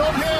Don't hit!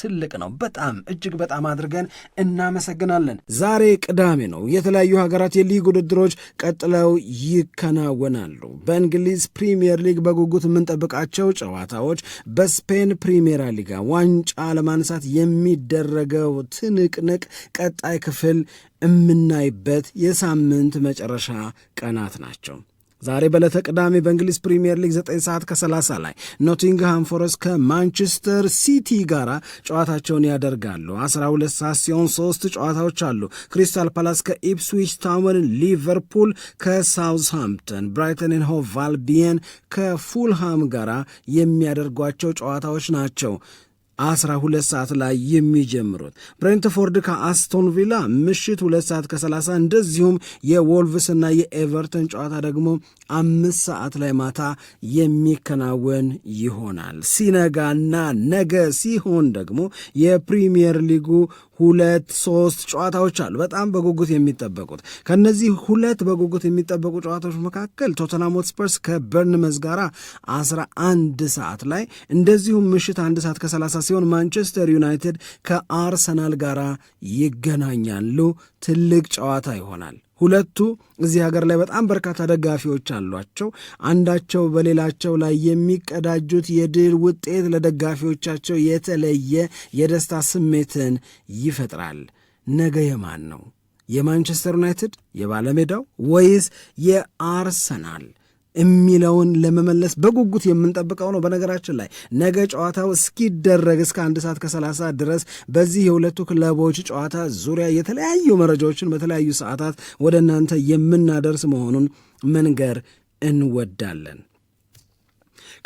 ትልቅ ነው። በጣም እጅግ በጣም አድርገን እናመሰግናለን። ዛሬ ቅዳሜ ነው። የተለያዩ ሀገራት የሊግ ውድድሮች ቀጥለው ይከናወናሉ። በእንግሊዝ ፕሪምየር ሊግ በጉጉት የምንጠብቃቸው ጨዋታዎች፣ በስፔን ፕሪሜራ ሊጋ ዋንጫ ለማንሳት የሚደረገው ትንቅንቅ ቀጣይ ክፍል የምናይበት የሳምንት መጨረሻ ቀናት ናቸው። ዛሬ በዕለተ ቅዳሜ በእንግሊዝ ፕሪምየር ሊግ 9 ሰዓት ከ30 ላይ ኖቲንግሃም ፎረስት ከማንቸስተር ሲቲ ጋር ጨዋታቸውን ያደርጋሉ። 12 ሰዓት ሲሆን ሶስት ጨዋታዎች አሉ። ክሪስታል ፓላስ ከኢፕስዊች ታውን፣ ሊቨርፑል ከሳውዝሃምፕተን፣ ብራይተንን ሆቭ አልቢየን ከፉልሃም ጋር የሚያደርጓቸው ጨዋታዎች ናቸው። አስራ ሁለት ሰዓት ላይ የሚጀምሩት። ብሬንትፎርድ ከአስቶን ቪላ ምሽት ሁለት ሰዓት ከ30 እንደዚሁም የወልቭስና የኤቨርተን ጨዋታ ደግሞ አምስት ሰዓት ላይ ማታ የሚከናወን ይሆናል። ሲነጋና ነገ ሲሆን ደግሞ የፕሪሚየር ሊጉ ሁለት ሶስት ጨዋታዎች አሉ በጣም በጉጉት የሚጠበቁት። ከነዚህ ሁለት በጉጉት የሚጠበቁ ጨዋታዎች መካከል ቶተናም ሆትስፐርስ ከበርንመዝ ጋር 11 ሰዓት ላይ እንደዚሁም ምሽት አንድ ሰዓት ከ30 ሲሆን ማንቸስተር ዩናይትድ ከአርሰናል ጋር ይገናኛሉ። ትልቅ ጨዋታ ይሆናል። ሁለቱ እዚህ ሀገር ላይ በጣም በርካታ ደጋፊዎች አሏቸው። አንዳቸው በሌላቸው ላይ የሚቀዳጁት የድል ውጤት ለደጋፊዎቻቸው የተለየ የደስታ ስሜትን ይፈጥራል። ነገ የማን ነው? የማንቸስተር ዩናይትድ የባለሜዳው ወይስ የአርሰናል? የሚለውን ለመመለስ በጉጉት የምንጠብቀው ነው። በነገራችን ላይ ነገ ጨዋታው እስኪደረግ እስከ አንድ ሰዓት ከሰላሳ ድረስ በዚህ የሁለቱ ክለቦች ጨዋታ ዙሪያ የተለያዩ መረጃዎችን በተለያዩ ሰዓታት ወደ እናንተ የምናደርስ መሆኑን መንገር እንወዳለን።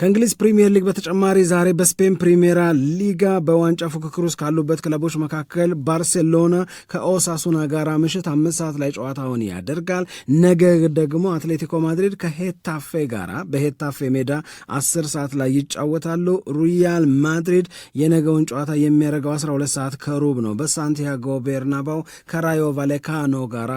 ከእንግሊዝ ፕሪምየር ሊግ በተጨማሪ ዛሬ በስፔን ፕሪሜራ ሊጋ በዋንጫ ፉክክር ውስጥ ካሉበት ክለቦች መካከል ባርሴሎና ከኦሳሱና ጋር ምሽት አምስት ሰዓት ላይ ጨዋታውን ያደርጋል። ነገ ደግሞ አትሌቲኮ ማድሪድ ከሄታፌ ጋር በሄታፌ ሜዳ አስር ሰዓት ላይ ይጫወታሉ። ሪያል ማድሪድ የነገውን ጨዋታ የሚያደርገው 12 ሰዓት ከሩብ ነው። በሳንቲያጎ ቤርናባው ከራዮ ቫሌካኖ ጋር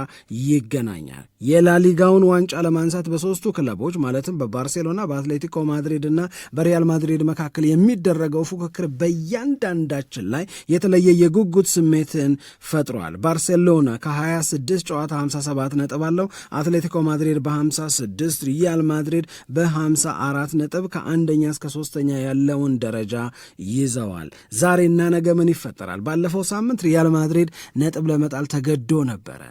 ይገናኛል። የላሊጋውን ዋንጫ ለማንሳት በሶስቱ ክለቦች ማለትም በባርሴሎና በአትሌቲኮ ማድሪድ ማድሪድ እና በሪያል ማድሪድ መካከል የሚደረገው ፉክክር በእያንዳንዳችን ላይ የተለየ የጉጉት ስሜትን ፈጥሯል። ባርሴሎና ከ26 ጨዋታ 57 ነጥብ አለው። አትሌቲኮ ማድሪድ በ56፣ ሪያል ማድሪድ በ54 ነጥብ ከአንደኛ እስከ ሶስተኛ ያለውን ደረጃ ይዘዋል። ዛሬና ነገ ምን ይፈጠራል? ባለፈው ሳምንት ሪያል ማድሪድ ነጥብ ለመጣል ተገዶ ነበረ።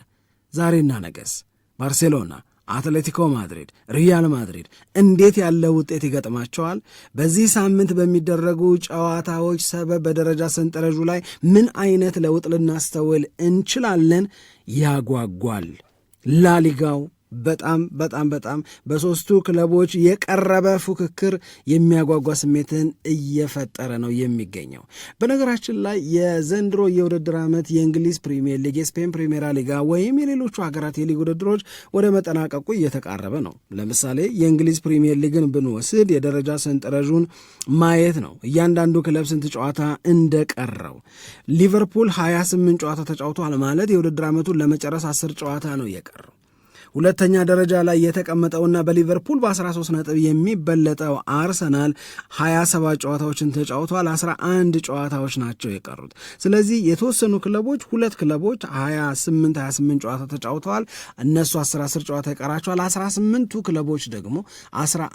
ዛሬና ነገስ ባርሴሎና አትሌቲኮ ማድሪድ፣ ሪያል ማድሪድ እንዴት ያለ ውጤት ይገጥማቸዋል? በዚህ ሳምንት በሚደረጉ ጨዋታዎች ሰበብ በደረጃ ሰንጠረዡ ላይ ምን አይነት ለውጥ ልናስተውል እንችላለን? ያጓጓል። ላሊጋው በጣም በጣም በጣም በሶስቱ ክለቦች የቀረበ ፉክክር የሚያጓጓ ስሜትን እየፈጠረ ነው የሚገኘው። በነገራችን ላይ የዘንድሮ የውድድር ዓመት የእንግሊዝ ፕሪሚየር ሊግ፣ የስፔን ፕሪሜራ ሊጋ ወይም የሌሎቹ ሀገራት የሊግ ውድድሮች ወደ መጠናቀቁ እየተቃረበ ነው። ለምሳሌ የእንግሊዝ ፕሪሚየር ሊግን ብንወስድ የደረጃ ሰንጠረዡን ማየት ነው። እያንዳንዱ ክለብ ስንት ጨዋታ እንደቀረው ሊቨርፑል 28 ጨዋታ ተጫውቷል ማለት የውድድር ዓመቱን ለመጨረስ አስር ጨዋታ ነው የቀረው። ሁለተኛ ደረጃ ላይ የተቀመጠውና በሊቨርፑል በ13 ነጥብ የሚበለጠው አርሰናል 27 ጨዋታዎችን ተጫውቷል። 11 ጨዋታዎች ናቸው የቀሩት። ስለዚህ የተወሰኑ ክለቦች ሁለት ክለቦች 28 28 ጨዋታ ተጫውተዋል። እነሱ 11 ጨዋታ ይቀራቸዋል። 18ቱ ክለቦች ደግሞ 11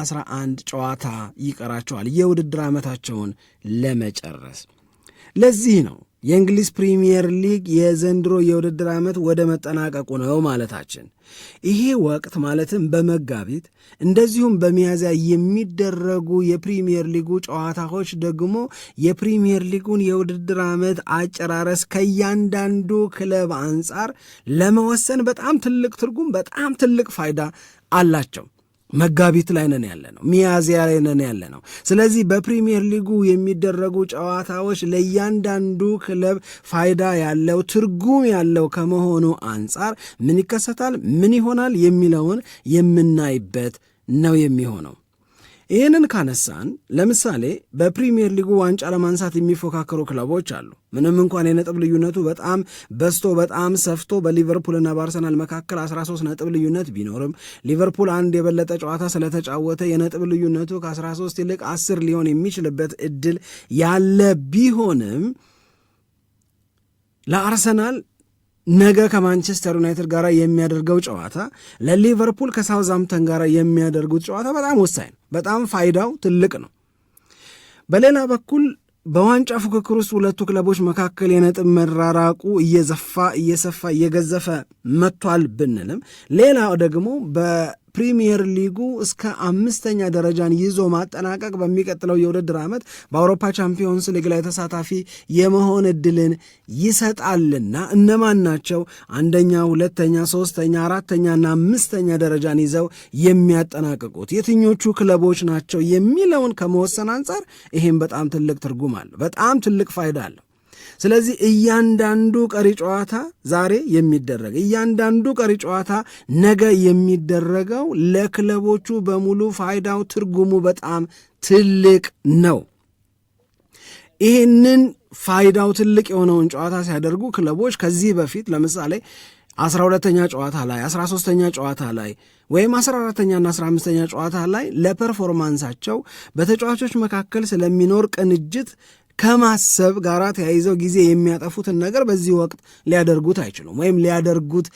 11 ጨዋታ ይቀራቸዋል የውድድር ዓመታቸውን ለመጨረስ ለዚህ ነው የእንግሊዝ ፕሪምየር ሊግ የዘንድሮ የውድድር ዓመት ወደ መጠናቀቁ ነው ማለታችን። ይሄ ወቅት ማለትም በመጋቢት እንደዚሁም በሚያዝያ የሚደረጉ የፕሪምየር ሊጉ ጨዋታዎች ደግሞ የፕሪምየር ሊጉን የውድድር ዓመት አጨራረስ ከእያንዳንዱ ክለብ አንጻር ለመወሰን በጣም ትልቅ ትርጉም፣ በጣም ትልቅ ፋይዳ አላቸው። መጋቢት ላይ ነን ያለ ነው፣ ሚያዝያ ላይ ነን ያለ ነው። ስለዚህ በፕሪሚየር ሊጉ የሚደረጉ ጨዋታዎች ለእያንዳንዱ ክለብ ፋይዳ ያለው ትርጉም ያለው ከመሆኑ አንጻር ምን ይከሰታል፣ ምን ይሆናል የሚለውን የምናይበት ነው የሚሆነው። ይህንን ካነሳን ለምሳሌ በፕሪምየር ሊጉ ዋንጫ ለማንሳት የሚፎካከሩ ክለቦች አሉ። ምንም እንኳን የነጥብ ልዩነቱ በጣም በስቶ በጣም ሰፍቶ በሊቨርፑልና በአርሰናል መካከል 13 ነጥብ ልዩነት ቢኖርም ሊቨርፑል አንድ የበለጠ ጨዋታ ስለተጫወተ የነጥብ ልዩነቱ ከ13 ይልቅ 10 ሊሆን የሚችልበት እድል ያለ ቢሆንም ለአርሰናል ነገ ከማንቸስተር ዩናይትድ ጋር የሚያደርገው ጨዋታ ለሊቨርፑል ከሳውዝሃምፕተን ጋር የሚያደርጉት ጨዋታ በጣም ወሳኝ ነው። በጣም ፋይዳው ትልቅ ነው። በሌላ በኩል በዋንጫ ፉክክር ውስጥ ሁለቱ ክለቦች መካከል የነጥብ መራራቁ እየዘፋ እየሰፋ እየገዘፈ መጥቷል ብንልም ሌላ ደግሞ ፕሪሚየር ሊጉ እስከ አምስተኛ ደረጃን ይዞ ማጠናቀቅ በሚቀጥለው የውድድር ዓመት በአውሮፓ ቻምፒዮንስ ሊግ ላይ ተሳታፊ የመሆን እድልን ይሰጣልና እነማን ናቸው አንደኛ፣ ሁለተኛ፣ ሶስተኛ፣ አራተኛና አምስተኛ ደረጃን ይዘው የሚያጠናቅቁት የትኞቹ ክለቦች ናቸው የሚለውን ከመወሰን አንጻር ይህም በጣም ትልቅ ትርጉም አለ፣ በጣም ትልቅ ፋይዳ አለው። ስለዚህ እያንዳንዱ ቀሪ ጨዋታ ዛሬ የሚደረግ እያንዳንዱ ቀሪ ጨዋታ ነገ የሚደረገው ለክለቦቹ በሙሉ ፋይዳው ትርጉሙ በጣም ትልቅ ነው። ይህንን ፋይዳው ትልቅ የሆነውን ጨዋታ ሲያደርጉ ክለቦች ከዚህ በፊት ለምሳሌ አስራ ሁለተኛ ጨዋታ ላይ አስራ ሶስተኛ ጨዋታ ላይ ወይም አስራ አራተኛና አስራ አምስተኛ ጨዋታ ላይ ለፐርፎርማንሳቸው በተጫዋቾች መካከል ስለሚኖር ቅንጅት ከማሰብ ጋር ተያይዘው ጊዜ የሚያጠፉትን ነገር በዚህ ወቅት ሊያደርጉት አይችሉም ወይም ሊያደርጉት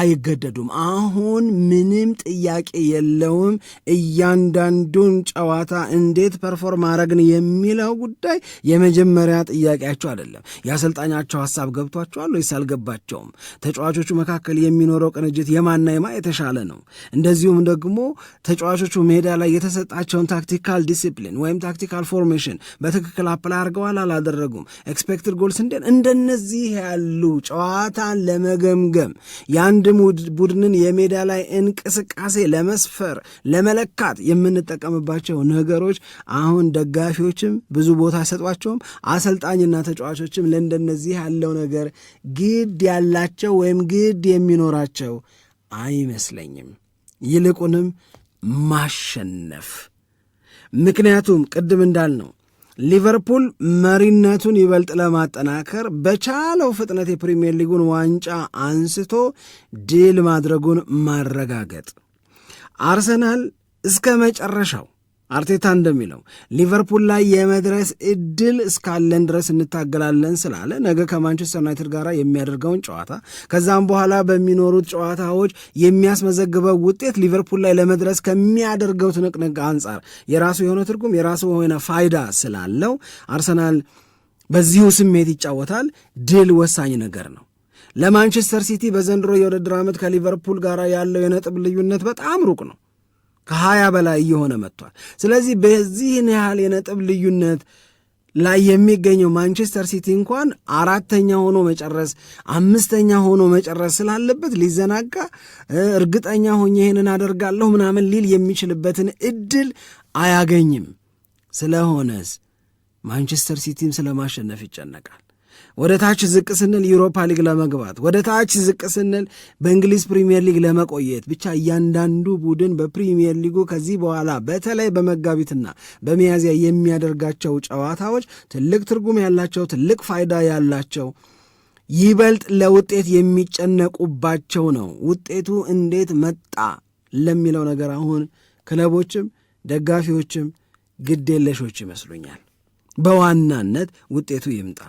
አይገደዱም። አሁን ምንም ጥያቄ የለውም። እያንዳንዱን ጨዋታ እንዴት ፐርፎርም ማድረግን የሚለው ጉዳይ የመጀመሪያ ጥያቄያቸው አይደለም። የአሰልጣኛቸው ሀሳብ ገብቷቸዋል ወይስ አልገባቸውም? ተጫዋቾቹ መካከል የሚኖረው ቅንጅት የማና የማ የተሻለ ነው? እንደዚሁም ደግሞ ተጫዋቾቹ ሜዳ ላይ የተሰጣቸውን ታክቲካል ዲሲፕሊን ወይም ታክቲካል ፎርሜሽን በትክክል አፕላይ አርገዋል በኋላ አላደረጉም። ኤክስፔክትድ ጎል ስንዴን እንደነዚህ ያሉ ጨዋታን ለመገምገም የአንድ ቡድንን የሜዳ ላይ እንቅስቃሴ ለመስፈር ለመለካት የምንጠቀምባቸው ነገሮች አሁን ደጋፊዎችም ብዙ ቦታ አይሰጧቸውም። አሰልጣኝና ተጫዋቾችም ለእንደነዚህ ያለው ነገር ግድ ያላቸው ወይም ግድ የሚኖራቸው አይመስለኝም። ይልቁንም ማሸነፍ ምክንያቱም ቅድም እንዳልነው ሊቨርፑል መሪነቱን ይበልጥ ለማጠናከር በቻለው ፍጥነት የፕሪምየር ሊጉን ዋንጫ አንስቶ ድል ማድረጉን ማረጋገጥ፣ አርሰናል እስከ መጨረሻው አርቴታ እንደሚለው ሊቨርፑል ላይ የመድረስ እድል እስካለን ድረስ እንታገላለን ስላለ ነገ ከማንቸስተር ዩናይትድ ጋር የሚያደርገውን ጨዋታ ከዛም በኋላ በሚኖሩት ጨዋታዎች የሚያስመዘግበው ውጤት ሊቨርፑል ላይ ለመድረስ ከሚያደርገው ትንቅንቅ አንጻር የራሱ የሆነ ትርጉም የራሱ የሆነ ፋይዳ ስላለው አርሰናል በዚሁ ስሜት ይጫወታል። ድል ወሳኝ ነገር ነው። ለማንቸስተር ሲቲ በዘንድሮ የውድድር ዓመት ከሊቨርፑል ጋር ያለው የነጥብ ልዩነት በጣም ሩቅ ነው። ከሀያ በላይ እየሆነ መጥቷል። ስለዚህ በዚህን ያህል የነጥብ ልዩነት ላይ የሚገኘው ማንቸስተር ሲቲ እንኳን አራተኛ ሆኖ መጨረስ አምስተኛ ሆኖ መጨረስ ስላለበት ሊዘናጋ እርግጠኛ ሆኜ ይህንን አደርጋለሁ ምናምን ሊል የሚችልበትን እድል አያገኝም። ስለሆነስ ማንቸስተር ሲቲም ስለማሸነፍ ይጨነቃል። ወደ ታች ዝቅ ስንል ዩሮፓ ሊግ ለመግባት ወደ ታች ዝቅ ስንል በእንግሊዝ ፕሪምየር ሊግ ለመቆየት ብቻ እያንዳንዱ ቡድን በፕሪምየር ሊጉ ከዚህ በኋላ በተለይ በመጋቢትና በሚያዝያ የሚያደርጋቸው ጨዋታዎች ትልቅ ትርጉም ያላቸው፣ ትልቅ ፋይዳ ያላቸው ይበልጥ ለውጤት የሚጨነቁባቸው ነው። ውጤቱ እንዴት መጣ ለሚለው ነገር አሁን ክለቦችም ደጋፊዎችም ግዴለሾች ይመስሉኛል። በዋናነት ውጤቱ ይምጣ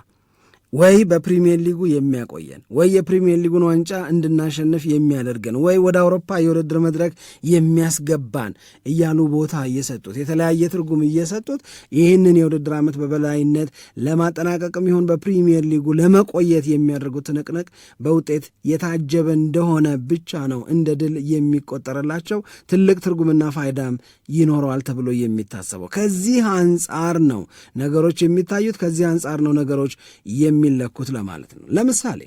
ወይ በፕሪሚየር ሊጉ የሚያቆየን ወይ የፕሪሚየር ሊጉን ዋንጫ እንድናሸንፍ የሚያደርገን ወይ ወደ አውሮፓ የውድድር መድረክ የሚያስገባን እያሉ ቦታ እየሰጡት የተለያየ ትርጉም እየሰጡት ይህንን የውድድር ዓመት በበላይነት ለማጠናቀቅ ይሁን በፕሪሚየር ሊጉ ለመቆየት የሚያደርጉት ትንቅንቅ በውጤት የታጀበ እንደሆነ ብቻ ነው እንደ ድል የሚቆጠርላቸው። ትልቅ ትርጉምና ፋይዳም ይኖረዋል ተብሎ የሚታሰበው ከዚህ አንጻር ነው ነገሮች የሚታዩት። ከዚህ አንጻር ነው ነገሮች የሚ የሚለኩት ለማለት ነው። ለምሳሌ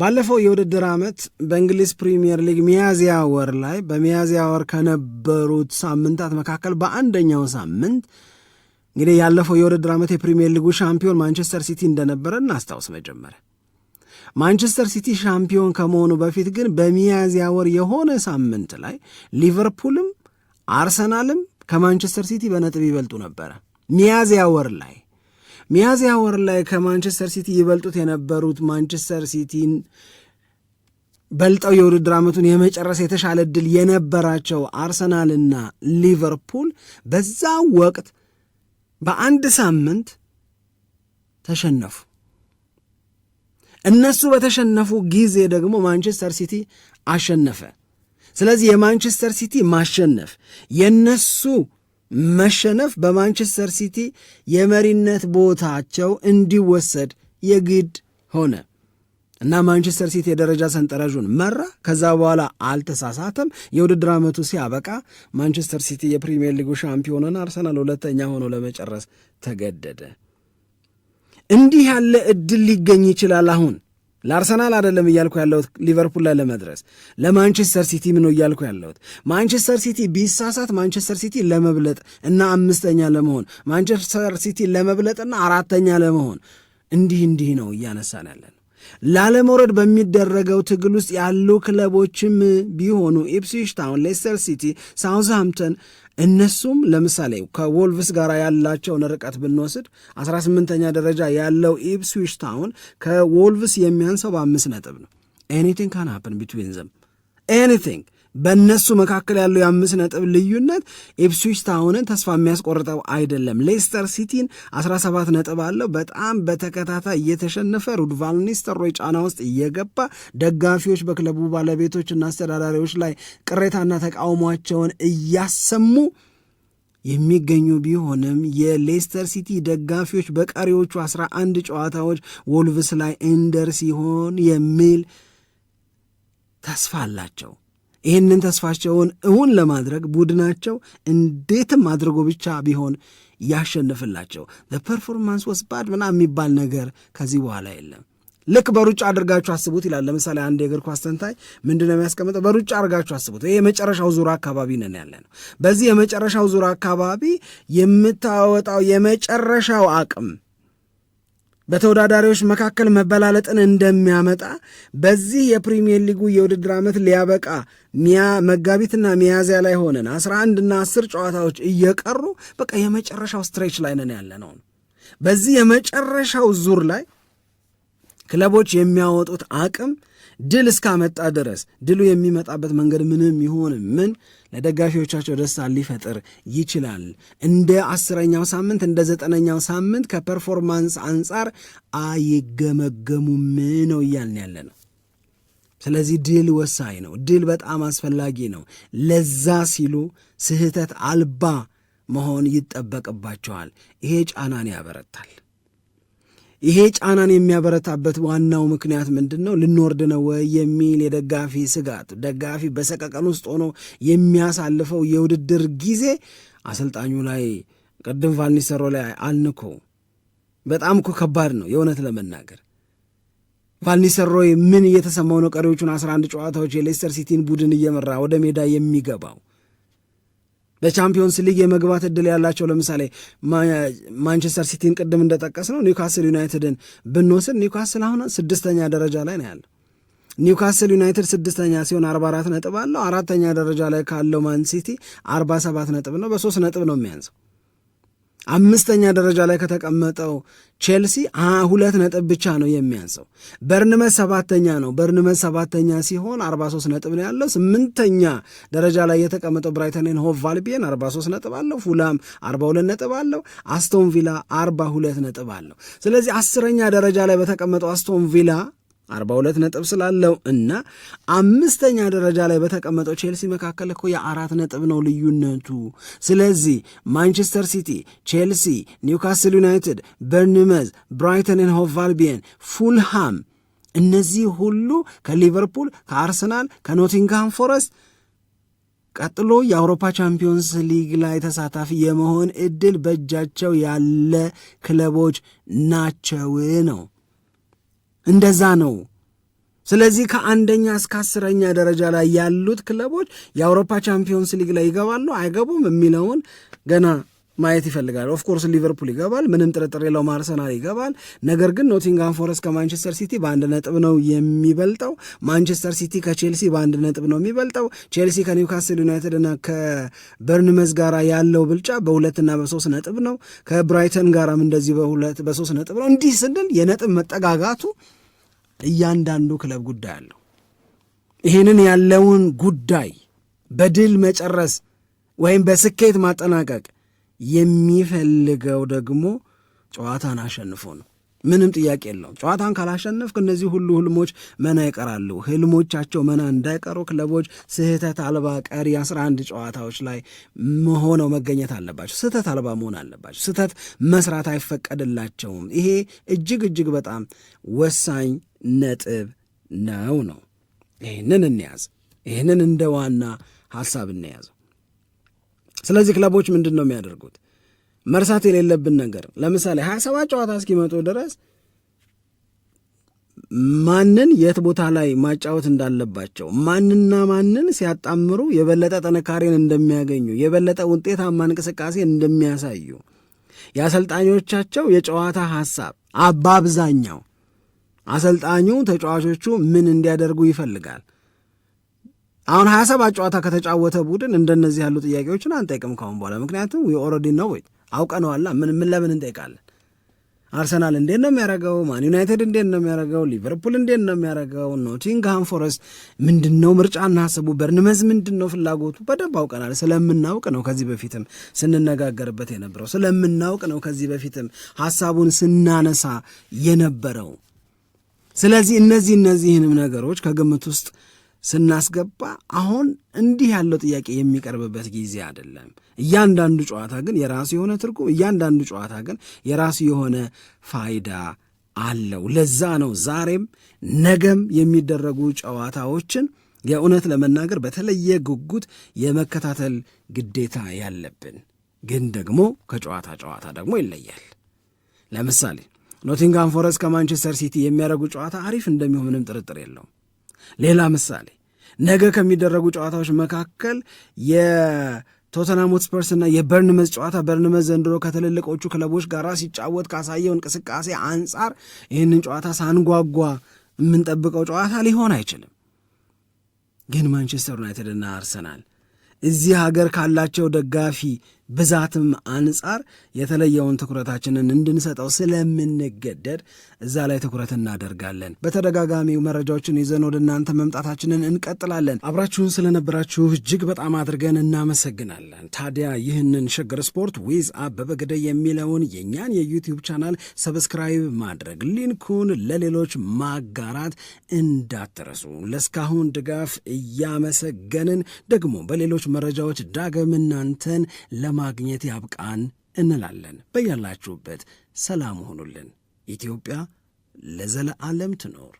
ባለፈው የውድድር ዓመት በእንግሊዝ ፕሪምየር ሊግ ሚያዝያ ወር ላይ በሚያዝያ ወር ከነበሩት ሳምንታት መካከል በአንደኛው ሳምንት እንግዲህ ያለፈው የውድድር ዓመት የፕሪምየር ሊጉ ሻምፒዮን ማንቸስተር ሲቲ እንደነበረ እናስታውስ። መጀመሪያ ማንቸስተር ሲቲ ሻምፒዮን ከመሆኑ በፊት ግን በሚያዝያ ወር የሆነ ሳምንት ላይ ሊቨርፑልም አርሰናልም ከማንቸስተር ሲቲ በነጥብ ይበልጡ ነበረ ሚያዝያ ወር ላይ ሚያዝያ ወር ላይ ከማንቸስተር ሲቲ ይበልጡት የነበሩት ማንቸስተር ሲቲን በልጠው የውድድር ዓመቱን የመጨረስ የተሻለ ድል የነበራቸው አርሰናልና ሊቨርፑል በዛ ወቅት በአንድ ሳምንት ተሸነፉ። እነሱ በተሸነፉ ጊዜ ደግሞ ማንቸስተር ሲቲ አሸነፈ። ስለዚህ የማንቸስተር ሲቲ ማሸነፍ የነሱ መሸነፍ በማንቸስተር ሲቲ የመሪነት ቦታቸው እንዲወሰድ የግድ ሆነ እና ማንቸስተር ሲቲ የደረጃ ሰንጠረዡን መራ። ከዛ በኋላ አልተሳሳተም። የውድድር ዓመቱ ሲያበቃ ማንቸስተር ሲቲ የፕሪምየር ሊጉ ሻምፒዮንን አርሰናል ሁለተኛ ሆኖ ለመጨረስ ተገደደ። እንዲህ ያለ እድል ሊገኝ ይችላል አሁን ለአርሰናል አደለም እያልኩ ያለሁት ሊቨርፑል ላይ ለመድረስ ለማንቸስተር ሲቲ ምን እያልኩ ያለሁት። ማንቸስተር ሲቲ ቢሳሳት ማንቸስተር ሲቲ ለመብለጥ እና አምስተኛ ለመሆን ማንቸስተር ሲቲ ለመብለጥና አራተኛ ለመሆን እንዲህ እንዲህ ነው እያነሳን ያለን። ላለመውረድ በሚደረገው ትግል ውስጥ ያሉ ክለቦችም ቢሆኑ ኢፕስዊች ታውን፣ ሌስተር ሲቲ፣ ሳውዝሃምፕተን እነሱም ለምሳሌ ከወልቭስ ጋር ያላቸውን ርቀት ብንወስድ 18ኛ ደረጃ ያለው ኢፕስዊች ታውን ከወልቭስ የሚያንሰው በአምስት ነጥብ ነው። ኤኒቲንግ ካን ሀፕን ቢትዊን ዘም ኤኒቲንግ በእነሱ መካከል ያለው የአምስት ነጥብ ልዩነት ኢፕስዊች ታውንን ተስፋ የሚያስቆርጠው አይደለም። ሌስተር ሲቲን 17 ነጥብ አለው። በጣም በተከታታይ እየተሸነፈ ሩድ ቫን ኒስተልሮይ ጫና ውስጥ እየገባ ደጋፊዎች በክለቡ ባለቤቶችና አስተዳዳሪዎች ላይ ቅሬታና ተቃውሟቸውን እያሰሙ የሚገኙ ቢሆንም የሌስተር ሲቲ ደጋፊዎች በቀሪዎቹ 11 ጨዋታዎች ወልቭስ ላይ እንደር ሲሆን የሚል ተስፋ አላቸው። ይህንን ተስፋቸውን እውን ለማድረግ ቡድናቸው እንዴትም አድርጎ ብቻ ቢሆን ያሸንፍላቸው። ፐርፎርማንስ ወስ ባድ ምናምን የሚባል ነገር ከዚህ በኋላ የለም። ልክ በሩጫ አድርጋችሁ አስቡት ይላል። ለምሳሌ አንድ የእግር ኳስ ተንታኝ ምንድን ነው የሚያስቀምጠው? በሩጫ አድርጋችሁ አስቡት። ይህ የመጨረሻው ዙር አካባቢ ነን ያለ ነው። በዚህ የመጨረሻው ዙር አካባቢ የምታወጣው የመጨረሻው አቅም በተወዳዳሪዎች መካከል መበላለጥን እንደሚያመጣ በዚህ የፕሪሚየር ሊጉ የውድድር ዓመት ሊያበቃ መጋቢትና ሚያዝያ ላይ ሆነን 11 እና 10 ጨዋታዎች እየቀሩ በቃ የመጨረሻው ስትሬች ላይ ነን ያለ ነው። በዚህ የመጨረሻው ዙር ላይ ክለቦች የሚያወጡት አቅም ድል እስካመጣ ድረስ ድሉ የሚመጣበት መንገድ ምንም ይሁን ምን ለደጋፊዎቻቸው ደስታ ሊፈጥር ይችላል። እንደ አስረኛው ሳምንት እንደ ዘጠነኛው ሳምንት ከፐርፎርማንስ አንጻር አይገመገሙም ነው እያልን ያለ ነው። ስለዚህ ድል ወሳኝ ነው። ድል በጣም አስፈላጊ ነው። ለዛ ሲሉ ስህተት አልባ መሆን ይጠበቅባቸዋል። ይሄ ጫናን ያበረታል። ይሄ ጫናን የሚያበረታበት ዋናው ምክንያት ምንድን ነው? ልንወርድ ነው ወይ የሚል የደጋፊ ስጋት፣ ደጋፊ በሰቀቀን ውስጥ ሆኖ የሚያሳልፈው የውድድር ጊዜ አሰልጣኙ ላይ ቅድም ቫልኒሰሮ ላይ አልንኮ በጣም እኮ ከባድ ነው የእውነት ለመናገር ቫልኒሰሮይ ምን እየተሰማው ነው? ቀሪዎቹን 11 ጨዋታዎች የሌስተር ሲቲን ቡድን እየመራ ወደ ሜዳ የሚገባው በቻምፒዮንስ ሊግ የመግባት እድል ያላቸው ለምሳሌ ማንቸስተር ሲቲን ቅድም እንደጠቀስ ነው ኒውካስል ዩናይትድን ብንወስድ ኒውካስል አሁን ስድስተኛ ደረጃ ላይ ነው ያለ። ኒውካስል ዩናይትድ ስድስተኛ ሲሆን አ4 ነጥብ አለው። አራተኛ ደረጃ ላይ ካለው ማን ሲቲ አርባ ነጥብ ነው፣ በሶስት ነጥብ ነው የሚያንሰው። አምስተኛ ደረጃ ላይ ከተቀመጠው ቼልሲ ሁለት ነጥብ ብቻ ነው የሚያንሰው። በርንመት ሰባተኛ ነው። በርንመት ሰባተኛ ሲሆን 43 ነጥብ ነው ያለው። ስምንተኛ ደረጃ ላይ የተቀመጠው ብራይተንን ሆቭ ቫልቢየን 43 ነጥብ አለው። ፉላም 42 ነጥብ አለው። አስቶን ቪላ 42 ነጥብ አለው። ስለዚህ አስረኛ ደረጃ ላይ በተቀመጠው አስቶን ቪላ 42 ነጥብ ስላለው እና አምስተኛ ደረጃ ላይ በተቀመጠው ቼልሲ መካከል እኮ የአራት ነጥብ ነው ልዩነቱ። ስለዚህ ማንቸስተር ሲቲ፣ ቼልሲ፣ ኒውካስል ዩናይትድ፣ በርንመዝ፣ ብራይተን ን ሆቭ አልቢየን፣ ፉልሃም እነዚህ ሁሉ ከሊቨርፑል፣ ከአርሰናል፣ ከኖቲንግሃም ፎረስት ቀጥሎ የአውሮፓ ቻምፒዮንስ ሊግ ላይ ተሳታፊ የመሆን እድል በእጃቸው ያለ ክለቦች ናቸው ነው እንደዛ ነው። ስለዚህ ከአንደኛ እስከ አስረኛ ደረጃ ላይ ያሉት ክለቦች የአውሮፓ ቻምፒዮንስ ሊግ ላይ ይገባሉ አይገቡም የሚለውን ገና ማየት ይፈልጋል። ኦፍኮርስ ሊቨርፑል ይገባል፣ ምንም ጥርጥር የለውም። አርሰናል ይገባል። ነገር ግን ኖቲንግሃም ፎረስት ከማንቸስተር ሲቲ በአንድ ነጥብ ነው የሚበልጠው። ማንቸስተር ሲቲ ከቼልሲ በአንድ ነጥብ ነው የሚበልጠው። ቼልሲ ከኒውካስል ዩናይትድ እና ከበርንመዝ ጋር ያለው ብልጫ በሁለትና በሶስት ነጥብ ነው። ከብራይተን ጋራም እንደዚህ በሁለት በሶስት ነጥብ ነው። እንዲህ ስንል የነጥብ መጠጋጋቱ እያንዳንዱ ክለብ ጉዳይ አለው። ይህንን ያለውን ጉዳይ በድል መጨረስ ወይም በስኬት ማጠናቀቅ የሚፈልገው ደግሞ ጨዋታን አሸንፎ ነው። ምንም ጥያቄ የለውም። ጨዋታን ካላሸነፍክ እነዚህ ሁሉ ህልሞች መና ይቀራሉ። ህልሞቻቸው መና እንዳይቀሩ ክለቦች ስህተት አልባ ቀሪ 11 ጨዋታዎች ላይ መሆነው መገኘት አለባቸው። ስህተት አልባ መሆን አለባቸው። ስህተት መስራት አይፈቀድላቸውም። ይሄ እጅግ እጅግ በጣም ወሳኝ ነጥብ ነው ነው ይህንን እንያዝ። ይህንን እንደ ዋና ሀሳብ እንያዘው። ስለዚህ ክለቦች ምንድን ነው የሚያደርጉት? መርሳት የሌለብን ነገር ለምሳሌ ሀያ ሰባት ጨዋታ እስኪመጡ ድረስ ማንን የት ቦታ ላይ ማጫወት እንዳለባቸው ማንና ማንን ሲያጣምሩ የበለጠ ጥንካሬን እንደሚያገኙ የበለጠ ውጤታማ እንቅስቃሴ እንደሚያሳዩ የአሰልጣኞቻቸው የጨዋታ ሀሳብ በአብዛኛው አሰልጣኙ ተጫዋቾቹ ምን እንዲያደርጉ ይፈልጋል አሁን ሀያ ሰባት ጨዋታ ከተጫወተ ቡድን እንደነዚህ ያሉ ጥያቄዎችን አንጠይቅም ካሁን በኋላ ምክንያቱም ኦልሬዲ ነው ወይ አውቀነዋላ። ምን ምን ለምን እንጠይቃለን? አርሰናል እንዴት ነው የሚያደርገው? ማን ዩናይትድ እንዴት ነው የሚያደርገው? ሊቨርፑል እንዴት ነው የሚያደርገው? ኖቲንግሃም ፎረስት ምንድን ነው ምርጫ እናስቡ፣ በርንመዝ ምንድን ነው ፍላጎቱ፣ በደንብ አውቀናል። ስለምናውቅ ነው ከዚህ በፊትም ስንነጋገርበት የነበረው ስለምናውቅ ነው ከዚህ በፊትም ሀሳቡን ስናነሳ የነበረው። ስለዚህ እነዚህ እነዚህንም ነገሮች ከግምት ውስጥ ስናስገባ አሁን እንዲህ ያለው ጥያቄ የሚቀርብበት ጊዜ አይደለም። እያንዳንዱ ጨዋታ ግን የራሱ የሆነ ትርጉም፣ እያንዳንዱ ጨዋታ ግን የራሱ የሆነ ፋይዳ አለው። ለዛ ነው ዛሬም ነገም የሚደረጉ ጨዋታዎችን የእውነት ለመናገር በተለየ ጉጉት የመከታተል ግዴታ ያለብን። ግን ደግሞ ከጨዋታ ጨዋታ ደግሞ ይለያል። ለምሳሌ ኖቲንግሃም ፎረስት ከማንቸስተር ሲቲ የሚያደርጉ ጨዋታ አሪፍ እንደሚሆን ምንም ጥርጥር የለውም። ሌላ ምሳሌ ነገ ከሚደረጉ ጨዋታዎች መካከል የቶተንሃም ሆትስፐርስና የበርንመዝ ጨዋታ በርንመዝ ዘንድሮ ከትልልቆቹ ክለቦች ጋር ሲጫወት ካሳየው እንቅስቃሴ አንጻር ይህንን ጨዋታ ሳንጓጓ የምንጠብቀው ጨዋታ ሊሆን አይችልም። ግን ማንቸስተር ዩናይትድና አርሰናል እዚህ ሀገር ካላቸው ደጋፊ ብዛትም አንጻር የተለየውን ትኩረታችንን እንድንሰጠው ስለምንገደድ እዛ ላይ ትኩረት እናደርጋለን። በተደጋጋሚ መረጃዎችን ይዘን ወደ እናንተ መምጣታችንን እንቀጥላለን። አብራችሁን ስለነበራችሁ እጅግ በጣም አድርገን እናመሰግናለን። ታዲያ ይህንን ሸገር ስፖርት ዊዝ አበበ ገደይ የሚለውን የእኛን የዩቲዩብ ቻናል ሰብስክራይብ ማድረግ፣ ሊንኩን ለሌሎች ማጋራት እንዳትረሱ። ለእስካሁን ድጋፍ እያመሰገንን ደግሞ በሌሎች መረጃዎች ዳግም እናንተን ለ ለማግኘት ያብቃን እንላለን። በያላችሁበት ሰላም ሆኑልን። ኢትዮጵያ ለዘለዓለም ትኖር።